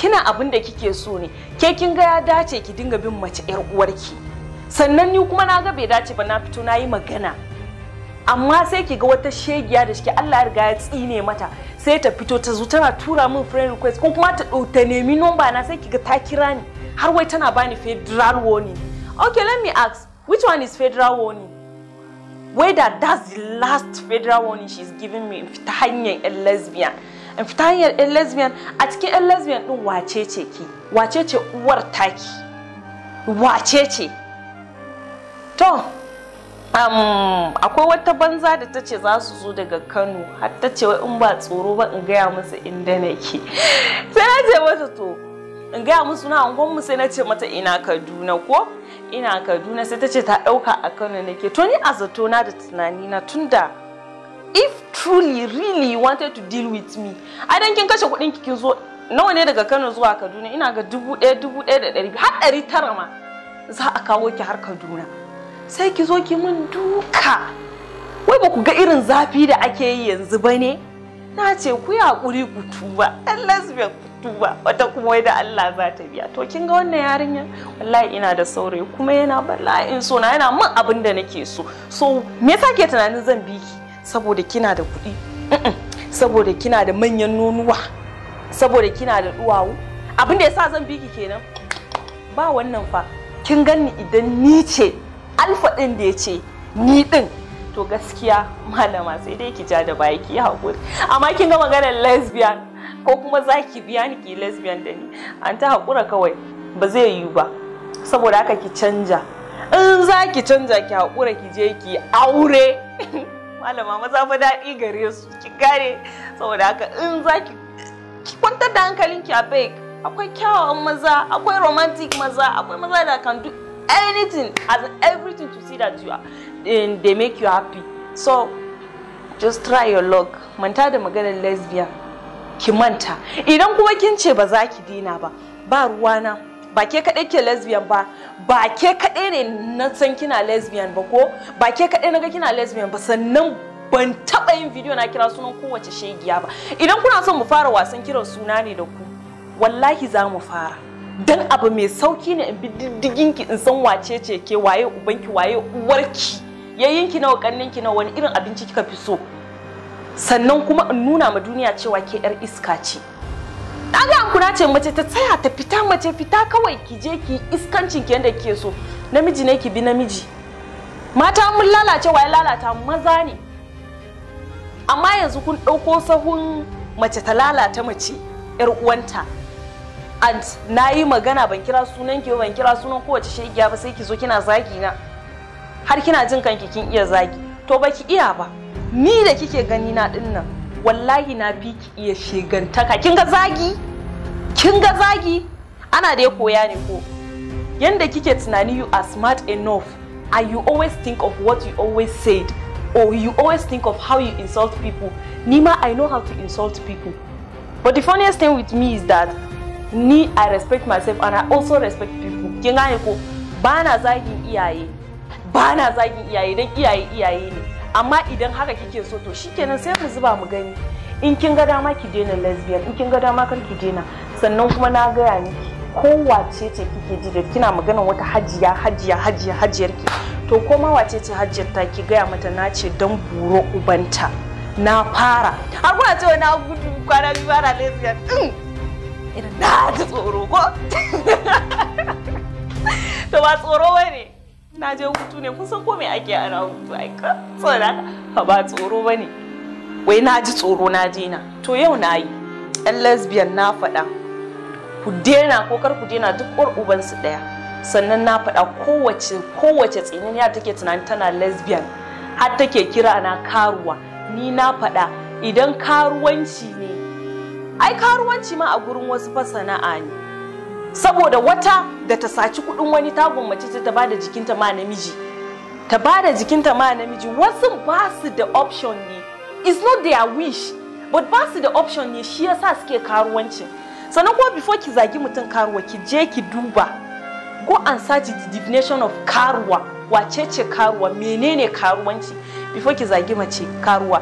kina abin da kike so ne ke kin ga ya dace ki dinga bin mace yar uwarki sannan ni kuma na ga bai dace ba na fito na yi magana amma sai ki ga wata shegiya da shike Allah ya riga ya tsine mata sai ta fito ta zo tana tura min friend request ko kuma ta ta nemi number na sai ki ga ta kira ni har wai tana bani federal warning okay let me ask which one is federal warning whether that's the last federal warning she's giving me ta hanyar lesbian in fita hanyar yan lesbian a cikin yan lesbian din wace ce ki wace ce uwar taki wace ce to akwai wata banza da ta ce za su zo daga kano har ta ce in ba tsoro ba in gaya musu inda nake sai na ce mata to in gaya musu na angon sai na ce mata ina kaduna ko ina kaduna sai ta ce ta ɗauka a kano nake to ni a zato na da tunani na tunda if truly really you wanted to deal with me ai dan kin kashe kuɗin kin zo nawa ne daga Kano zuwa Kaduna ina ga dubu ɗaya dubu ɗaya da ɗari har ɗari tara ma za a kawo ki har Kaduna sai ki zo ki min duka wai ba ku ga irin zafi da ake yi yanzu ba ne na ce ku yi haƙuri ku tuba Allah su ku tuba wata kuma wai da Allah za ta biya to kin ga wannan yarinyar wallahi ina da saurayi kuma yana bala'in so na yana min abin da nake so so me yasa ke tunanin zan bi ki saboda kina da kuɗi saboda kina da manyan nonuwa saboda kina da duwawu abin da yasa zan biki kenan ba wannan fa kin ganni idan ni ce alfa din da ya ce ni din to gaskiya malama sai dai ki ja da baya ki haƙuri amma kin ga maganar lesbian ko kuma za ki biya ni ki lesbian da ni an ta haƙura kawai ba zai yiwu ba saboda haka ki canja in za ki canja ki haƙura ki je ki aure malama maza fa daɗi gare su ki gare saboda haka in za ki kwantar da ki a bake akwai kyawawan maza akwai romantic maza akwai maza da kan do anything as everything to see that you are and they make you happy so just try your luck manta da maganar lesbian ki manta idan kuma kin ce ba za ki dina ba ba ruwana ba ke kaɗai ke lesbian ba ba ke kaɗai ne na san kina lesbian ba ko ba ke kaɗai na ga kina lesbian ba sannan ban taɓa yin video na kira sunan kowace shegiya ba idan kuna son mu fara wasan kiran suna ne da ku wallahi za mu fara dan abu mai sauki ne in bi diddiginki in san wace ce ke waye ubanki waye uwarki yayinki nawa kanninki nawa wani irin abinci kika fi so sannan kuma in nuna ma duniya cewa ke yar iska ce Ɗaga ga ce mace ta tsaya ta fita mace fita kawai ki je ki iskancin ki yadda kike so namiji ne ki bi namiji mata mun lalace waye lalata maza ne amma yanzu kun ɗauko sahun mace ta lalata mace yar uwanta and na yi magana ban kira sunan ki ban kira sunan kowace shegiya ba sai ki zo kina zagi na har kina jin kanki kin iya zagi to baki iya ba ni da kike gani na dinnan wallahi na fi ki iya shigantaka kin ga zagi kin ga zagi ana da ya koya ne ko yanda kike tunani you are smart enough and you always think of what you always said or you always think of how you insult people nima i know how to insult people but the funniest thing with me is that ni i respect myself and i also respect people kin gane ko ba na zagin iyaye ba na zagin iyaye dan iyaye iyaye ne amma idan haka kike so to shikenan sai mu zuba mu gani in kin ga dama ki daina lesbian in kin ga dama kar ki daina sannan kuma na gaya ni kowace ce kike ji da kina maganar wata hajiya hajiya hajiya hajiyar ki to ko ma wace ce hajiyar ta ki gaya mata na ce dan buro ubanta na fara har kuna cewa na gudu kwana biyu fara lesbian din mm. irin na ji tsoro ko to ba tsoro bane na je hutu ne kun san ko me ake ana hutu ai ka tsora ka ba tsoro bane wai na ji tsoro na dina. to yau na yi Ɗan lesbian na faɗa ku dena ko ku dena duk uwar uban su sannan na faɗa kowace kowace tsinaniya take tunani tana lesbian har take kira na karuwa ni na faɗa idan karuwanci ne ai karuwanci ma a gurin wasu fa sana'a ne saboda wata da ta saci kudin wani ta mace ta ta bada jikinta ma namiji ta bada jikinta ma namiji wasu ba su da option ne it's not their wish but ba su da option ne shi yasa suke karuwanci. sannan ko before ki zagi mutum karuwa ki je ki duba go and search the definition of karuwa wace ce karuwa menene karuwanci before ki zagi mace karuwa